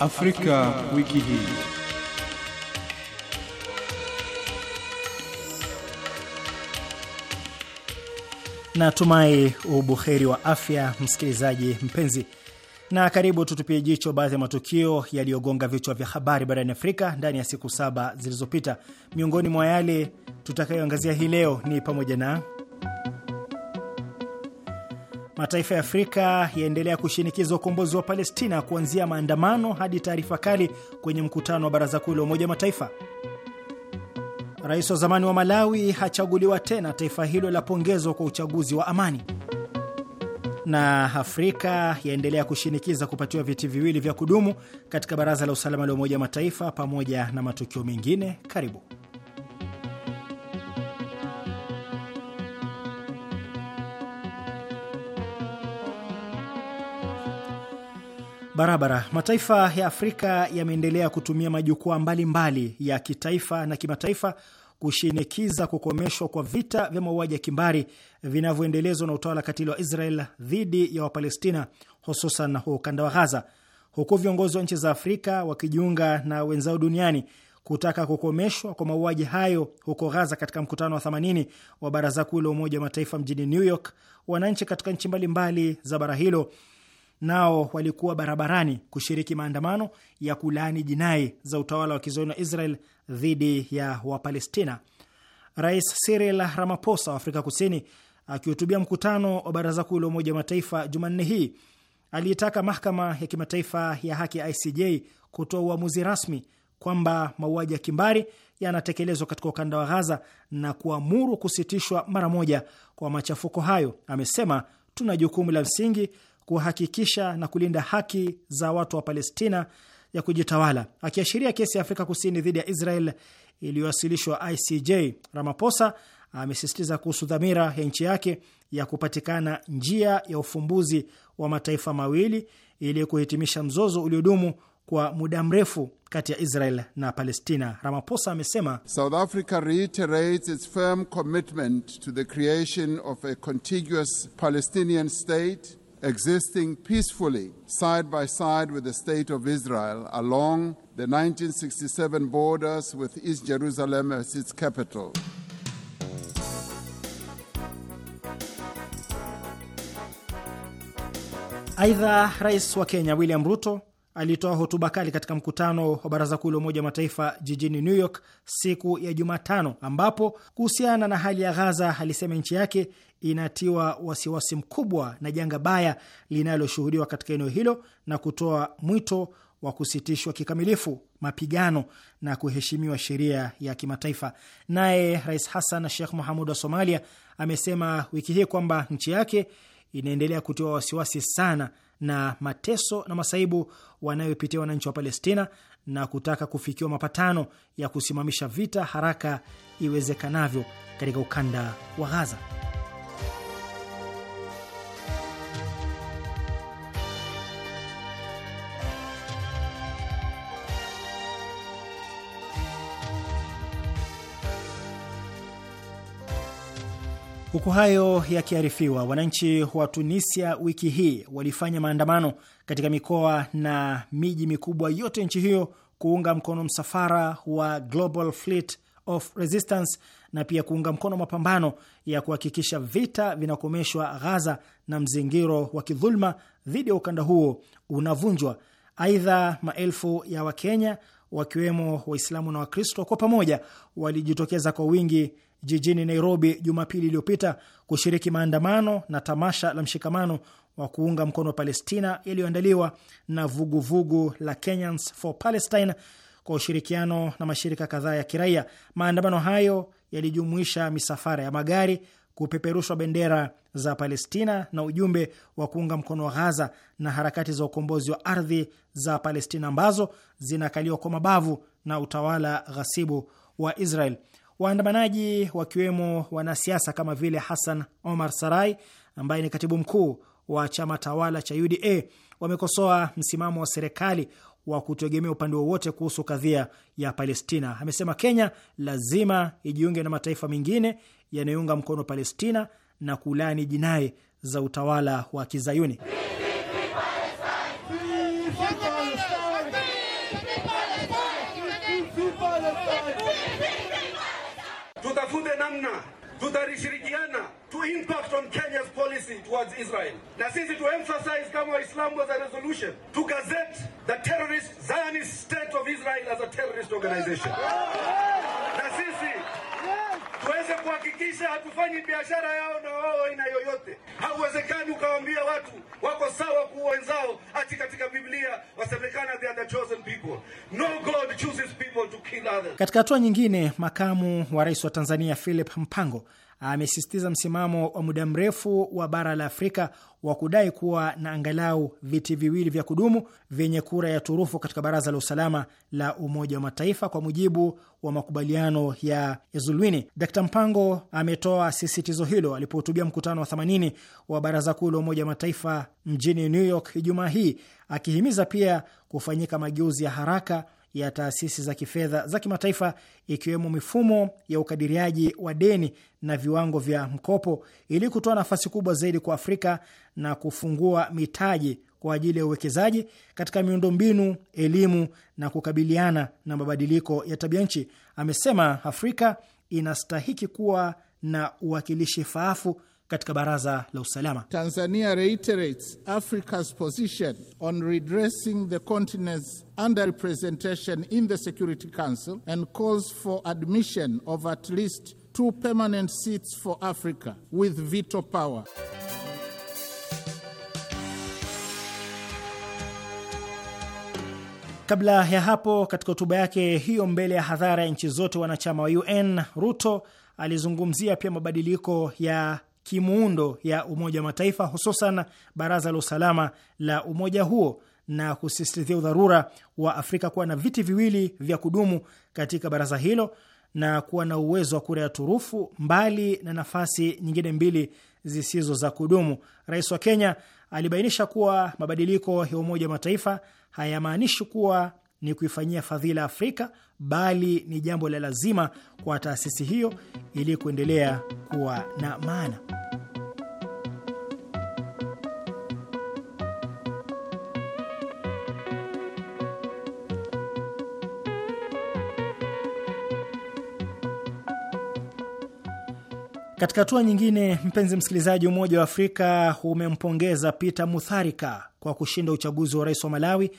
Afrika wiki hii. Natumai ubuheri wa afya msikilizaji mpenzi, na karibu tutupie jicho baadhi ya matukio yaliyogonga vichwa vya habari barani Afrika ndani ya siku saba zilizopita. Miongoni mwa yale tutakayoangazia hii leo ni pamoja na Mataifa ya Afrika yaendelea kushinikiza ukombozi wa Palestina, kuanzia maandamano hadi taarifa kali kwenye mkutano wa Baraza Kuu la Umoja Mataifa. Rais wa zamani wa Malawi hachaguliwa tena, taifa hilo lapongezwa kwa uchaguzi wa amani. Na Afrika yaendelea kushinikiza kupatiwa viti viwili vya kudumu katika Baraza la Usalama la Umoja Mataifa, pamoja na matukio mengine. Karibu. barabara. Mataifa ya Afrika yameendelea kutumia majukwaa mbalimbali ya kitaifa na kimataifa kushinikiza kukomeshwa kwa vita vya mauaji ya kimbari vinavyoendelezwa na utawala katili wa Israel dhidi ya Wapalestina, hususan ukanda wa Ghaza, huku viongozi wa nchi za Afrika wakijiunga na wenzao duniani kutaka kukomeshwa kwa mauaji hayo huko Ghaza. Katika mkutano wa 80 wa Baraza Kuu la Umoja wa Mataifa mjini New York, wananchi katika nchi mbalimbali za bara hilo nao walikuwa barabarani kushiriki maandamano ya kulaani jinai za utawala wa kizayuni wa Israel dhidi ya Wapalestina. Rais Cyril Ramaphosa wa Afrika Kusini akihutubia mkutano wa Baraza Kuu la Umoja wa Mataifa Jumanne hii aliitaka Mahakama ya Kimataifa ya Haki ya ICJ kutoa uamuzi rasmi kwamba mauaji ya kimbari yanatekelezwa katika ukanda wa Ghaza na kuamuru kusitishwa mara moja kwa machafuko hayo. Amesema tuna jukumu la msingi kuhakikisha na kulinda haki za watu wa Palestina ya kujitawala. Akiashiria kesi ya Afrika Kusini dhidi ya Israel iliyowasilishwa ICJ, Ramaphosa amesisitiza kuhusu dhamira ya nchi yake ya kupatikana njia ya ufumbuzi wa mataifa mawili ili kuhitimisha mzozo uliodumu kwa muda mrefu kati ya Israel na Palestina. Ramaphosa amesema South Africa reiterates its firm commitment to the creation of a contiguous Palestinian state existing peacefully side by side with the State of Israel along the 1967 borders with East Jerusalem as its capital. Aidha, rais wa Kenya William Ruto alitoa hotuba kali katika mkutano wa baraza kuu la Umoja wa Mataifa jijini New York siku ya Jumatano, ambapo kuhusiana na hali ya Ghaza alisema nchi yake inatiwa wasiwasi mkubwa na janga baya linaloshuhudiwa katika eneo hilo na kutoa mwito wa kusitishwa kikamilifu mapigano na kuheshimiwa sheria ya kimataifa. Naye Rais Hassan Sheikh Mohamud wa Somalia amesema wiki hii kwamba nchi yake inaendelea kutiwa wasiwasi sana na mateso na masaibu wanayopitia wananchi wa Palestina na kutaka kufikiwa mapatano ya kusimamisha vita haraka iwezekanavyo katika ukanda wa Ghaza. Huku hayo yakiarifiwa, wananchi wa Tunisia wiki hii walifanya maandamano katika mikoa na miji mikubwa yote nchi hiyo kuunga mkono msafara wa Global Fleet of Resistance na pia kuunga mkono mapambano ya kuhakikisha vita vinakomeshwa Ghaza na mzingiro wa kidhuluma dhidi ya ukanda huo unavunjwa. Aidha, maelfu ya Wakenya wakiwemo Waislamu na Wakristo kwa pamoja walijitokeza kwa wingi jijini Nairobi Jumapili iliyopita kushiriki maandamano na tamasha la mshikamano wa kuunga mkono wa Palestina yaliyoandaliwa na vuguvugu vugu la Kenyans for Palestine kwa ushirikiano na mashirika kadhaa ya kiraia. Maandamano hayo yalijumuisha misafara ya magari, kupeperushwa bendera za Palestina na ujumbe wa kuunga mkono wa Ghaza na harakati za ukombozi wa ardhi za Palestina ambazo zinakaliwa kwa mabavu na utawala ghasibu wa Israel. Waandamanaji wakiwemo wanasiasa kama vile Hassan Omar Sarai ambaye ni katibu mkuu wa chama tawala cha UDA wamekosoa msimamo wa serikali wa kutegemea upande wowote kuhusu kadhia ya Palestina. Amesema Kenya lazima ijiunge na mataifa mengine yanayounga mkono Palestina na kulaani jinai za utawala wa Kizayuni. to the namna tutashirikiana to impact on Kenya's policy towards Israel. Na sisi to emphasize kama Islam was a resolution to gazette the terrorist Zionist state of Israel as a terrorist organization. waweze kuhakikisha hatufanyi biashara yao na wao aina yoyote. Hauwezekani ukawaambia watu wako sawa kuwa wenzao, ati katika Biblia wasemekana they are the chosen people. No God chooses people to kill others. Katika hatua nyingine, makamu wa rais wa Tanzania Philip Mpango amesisitiza msimamo wa muda mrefu wa bara la Afrika wa kudai kuwa na angalau viti viwili vya kudumu vyenye kura ya turufu katika Baraza la Usalama la Umoja wa Mataifa kwa mujibu wa makubaliano ya Ezulwini. Dkt Mpango ametoa sisitizo hilo alipohutubia mkutano wa 80 wa Baraza Kuu la Umoja wa Mataifa mjini New York Ijumaa hii, akihimiza pia kufanyika mageuzi ya haraka ya taasisi za kifedha za kimataifa ikiwemo mifumo ya ukadiriaji wa deni na viwango vya mkopo ili kutoa nafasi kubwa zaidi kwa Afrika na kufungua mitaji kwa ajili ya uwekezaji katika miundombinu, elimu na kukabiliana na mabadiliko ya tabia nchi. Amesema Afrika inastahiki kuwa na uwakilishi faafu katika baraza la usalama. Tanzania reiterates Africa's position on redressing the continent's underrepresentation in the Security Council and calls for admission of at least two permanent seats for Africa with veto power. Kabla ya hapo, katika hotuba yake hiyo mbele ya hadhara ya nchi zote wanachama wa UN, Ruto alizungumzia pia mabadiliko ya kimuundo ya Umoja wa Mataifa, hususan Baraza la Usalama la umoja huo na kusisitizia udharura wa Afrika kuwa na viti viwili vya kudumu katika baraza hilo na kuwa na uwezo wa kura ya turufu mbali na nafasi nyingine mbili zisizo za kudumu. Rais wa Kenya alibainisha kuwa mabadiliko ya Umoja wa Mataifa hayamaanishi kuwa ni kuifanyia fadhila Afrika bali ni jambo la lazima kwa taasisi hiyo ili kuendelea kuwa na maana. Katika hatua nyingine, mpenzi msikilizaji, Umoja wa Afrika umempongeza Peter Mutharika kwa kushinda uchaguzi wa rais wa Malawi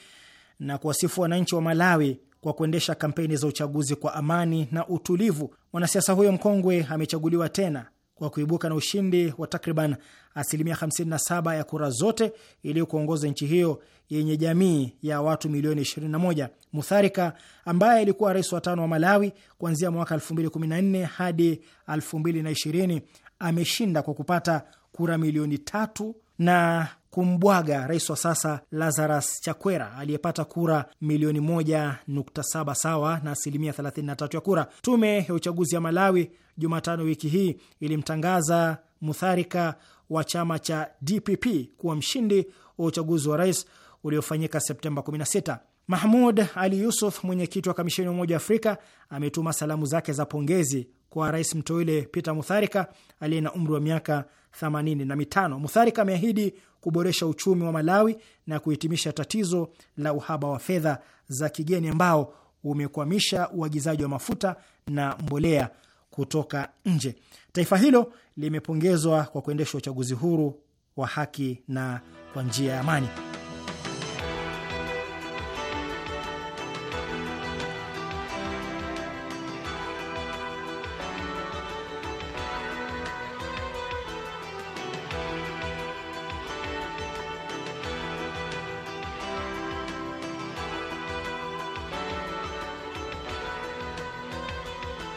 na kuwasifu wananchi wa Malawi kwa kuendesha kampeni za uchaguzi kwa amani na utulivu. Mwanasiasa huyo mkongwe amechaguliwa tena kwa kuibuka na ushindi wa takriban asilimia 57 ya kura zote ili kuongoza nchi hiyo yenye jamii ya watu milioni 21. Mutharika ambaye alikuwa rais wa tano wa Malawi kuanzia mwaka 2014 hadi 2020 ameshinda kwa kupata kura milioni tatu na kumbwaga rais wa sasa Lazarus Chakwera aliyepata kura milioni 1.7 sawa na asilimia 33 ya kura. Tume ya uchaguzi ya Malawi Jumatano wiki hii ilimtangaza Mutharika wa chama cha DPP kuwa mshindi wa uchaguzi wa rais uliofanyika Septemba 16. Mahmud Ali Yusuf, mwenyekiti wa kamisheni ya Umoja wa Afrika, ametuma salamu zake za pongezi kwa rais mteule Peter Mutharika aliye na umri wa miaka 8na mitano. Mutharika ameahidi kuboresha uchumi wa Malawi na kuhitimisha tatizo la uhaba wa fedha za kigeni ambao umekwamisha uagizaji wa mafuta na mbolea kutoka nje. Taifa hilo limepongezwa kwa kuendesha uchaguzi huru wa haki na kwa njia ya amani.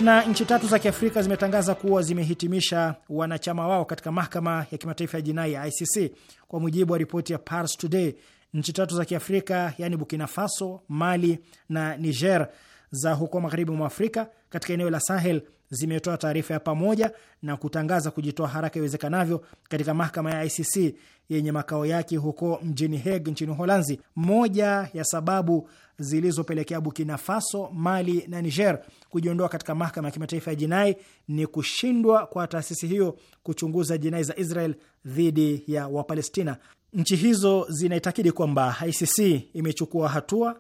Na nchi tatu za Kiafrika zimetangaza kuwa zimehitimisha wanachama wao katika mahakama ya kimataifa ya jinai ya ICC. Kwa mujibu wa ripoti ya Pars Today, nchi tatu za Kiafrika yaani Burkina Faso, Mali na Niger za huko magharibi mwa Afrika katika eneo la Sahel zimetoa taarifa ya pamoja na kutangaza kujitoa haraka iwezekanavyo katika mahakama ya ICC yenye makao yake huko mjini Hague nchini Uholanzi. Moja ya sababu zilizopelekea Burkina Faso, Mali na Niger kujiondoa katika mahakama ya kimataifa ya jinai ni kushindwa kwa taasisi hiyo kuchunguza jinai za Israel dhidi ya Wapalestina. Nchi hizo zinaitakidi kwamba ICC imechukua hatua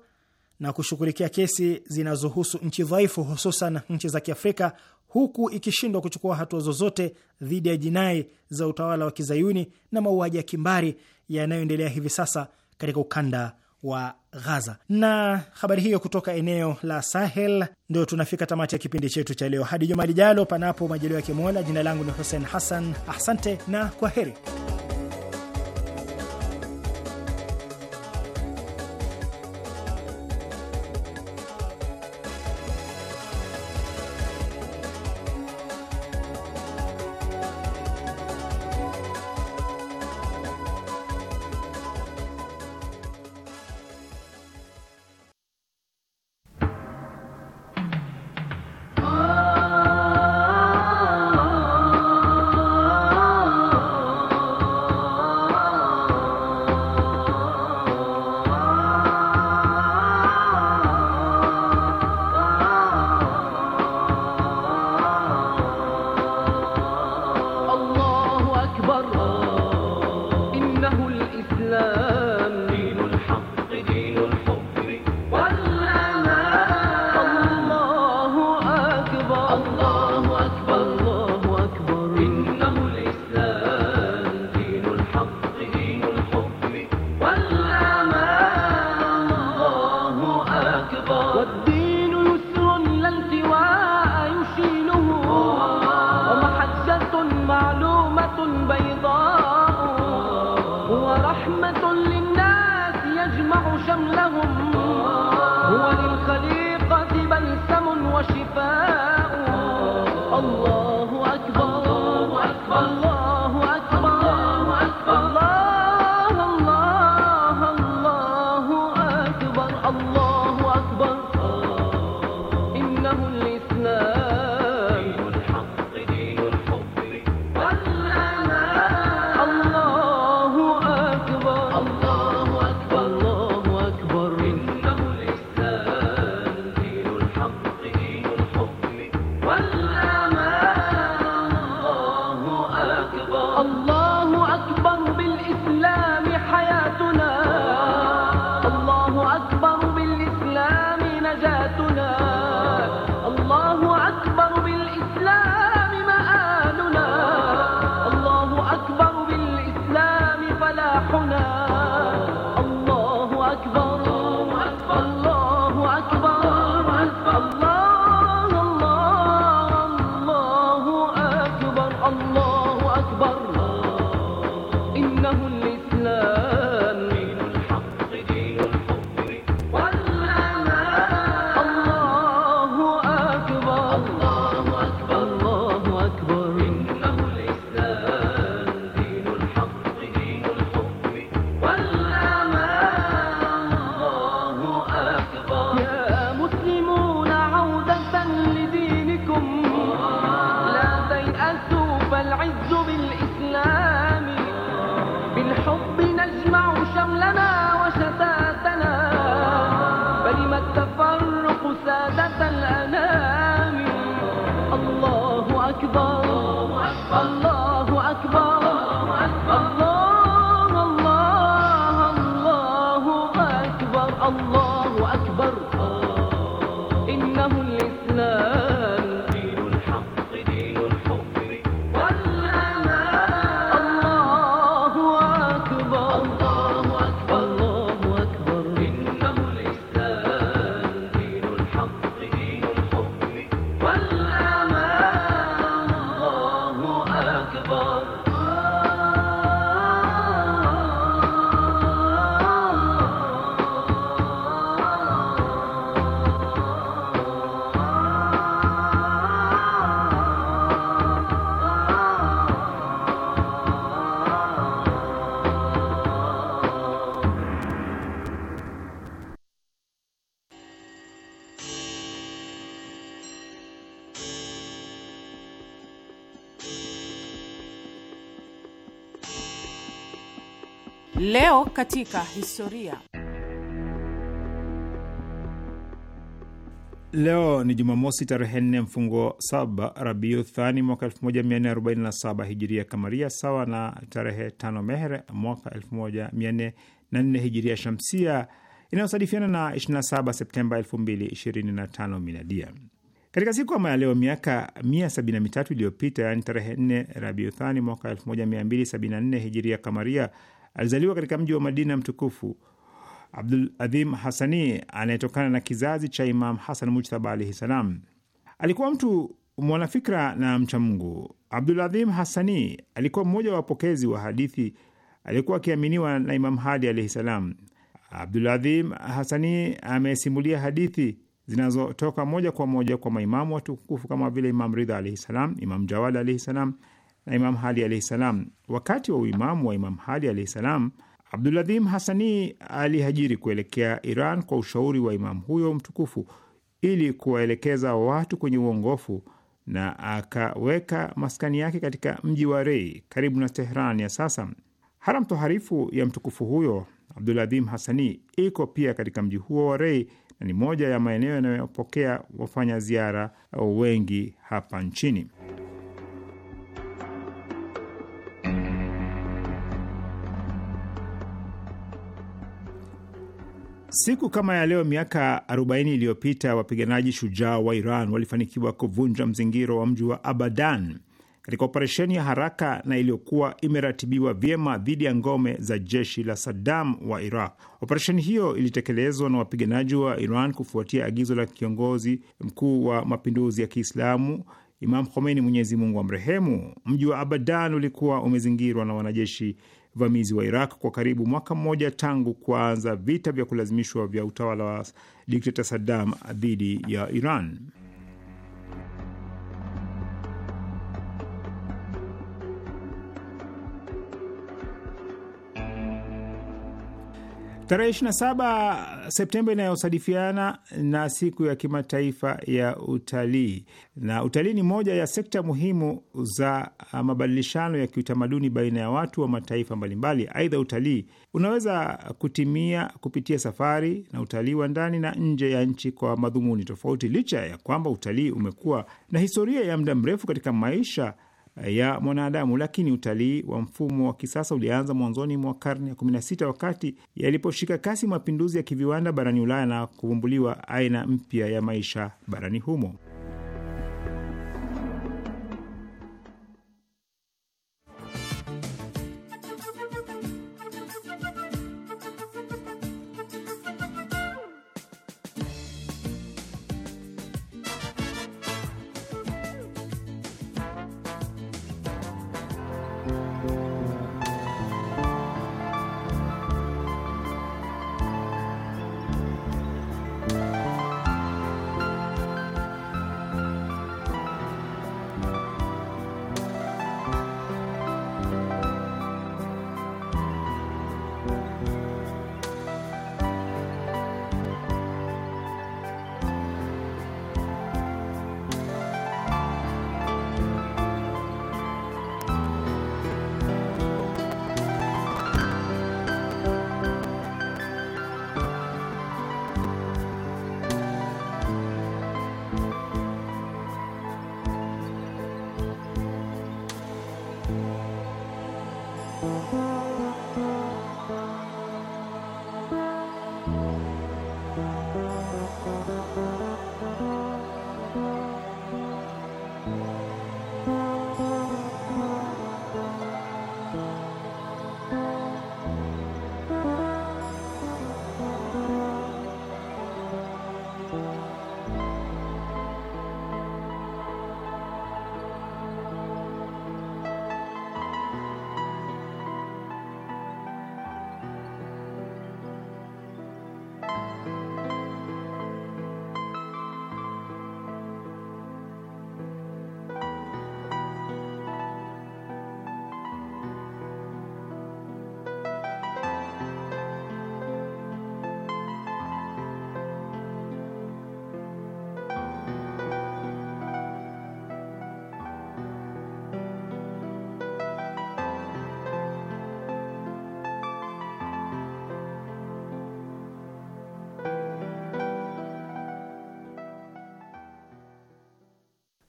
na kushughulikia kesi zinazohusu nchi dhaifu, hususan nchi za Kiafrika, huku ikishindwa kuchukua hatua zozote dhidi ya jinai za utawala wa kizayuni na mauaji ya kimbari yanayoendelea hivi sasa katika ukanda wa Gaza. Na habari hiyo kutoka eneo la Sahel, ndio tunafika tamati ya kipindi chetu cha leo. Hadi juma lijalo, panapo majaliwa ya kimola Jina langu ni Hussein Hassan, asante na kwa heri. Leo katika historia. Leo ni Jumamosi tarehe nne mfungo saba Rabiu Thani mwaka 1447 hijiria kamaria, sawa na tarehe tano Meher mwaka 1404 hijiria shamsia, inayosadifiana na 27 Septemba 2025 miladia. Katika siku kama ya leo miaka 173 iliyopita, yaani tarehe 4 Rabiu Thani mwaka 1274 hijiria kamaria Alizaliwa katika mji wa Madina mtukufu. Abdul Adhim Hasani anayetokana na kizazi cha Imam Hasan Mujtaba alaihi salam alikuwa mtu mwanafikra na mcha Mungu. Abdul Adhim Hasani alikuwa mmoja wa wapokezi wa hadithi aliyekuwa akiaminiwa na Imam Hadi alaihi salam. Abdul Adhim Hasani amesimulia hadithi zinazotoka moja kwa moja kwa maimamu watukufu kama vile Imam Ridha alaihi salam, Imam Jawad alaihi salam na Imam Hadi alaihi salam. Wakati wa uimamu wa Imam Hadi alaihi salam, Abduladhim Hasani alihajiri kuelekea Iran kwa ushauri wa imamu huyo mtukufu ili kuwaelekeza watu kwenye uongofu na akaweka maskani yake katika mji wa Rei karibu na Tehran ya sasa. Haram toharifu ya mtukufu huyo Abduladhim Hasani iko pia katika mji huo wa Rei na ni moja ya maeneo yanayopokea wafanya ziara wengi hapa nchini. Siku kama ya leo miaka 40 iliyopita wapiganaji shujaa wa Iran walifanikiwa kuvunja mzingiro wa mji wa Abadan katika operesheni ya haraka na iliyokuwa imeratibiwa vyema dhidi ya ngome za jeshi la Saddam wa Iraq. Operesheni hiyo ilitekelezwa na wapiganaji wa Iran kufuatia agizo la kiongozi mkuu wa mapinduzi ya Kiislamu Imam Khomeini, Mwenyezi Mungu amrehemu. Mji wa Abadan ulikuwa umezingirwa na wanajeshi vamizi wa Iraq kwa karibu mwaka mmoja tangu kuanza vita vya kulazimishwa vya utawala wa dikteta Saddam dhidi ya Iran. Tarehe 27 Septemba inayosadifiana na siku ya kimataifa ya utalii, na utalii ni moja ya sekta muhimu za ah, mabadilishano ya kiutamaduni baina ya watu wa mataifa mbalimbali. Aidha, utalii unaweza kutimia kupitia safari na utalii wa ndani na nje ya nchi kwa madhumuni tofauti. Licha ya kwamba utalii umekuwa na historia ya muda mrefu katika maisha ya mwanadamu, lakini utalii wa mfumo wa kisasa ulianza mwanzoni mwa karne ya 16 wakati yaliposhika kasi mapinduzi ya kiviwanda barani Ulaya na kuvumbuliwa aina mpya ya maisha barani humo.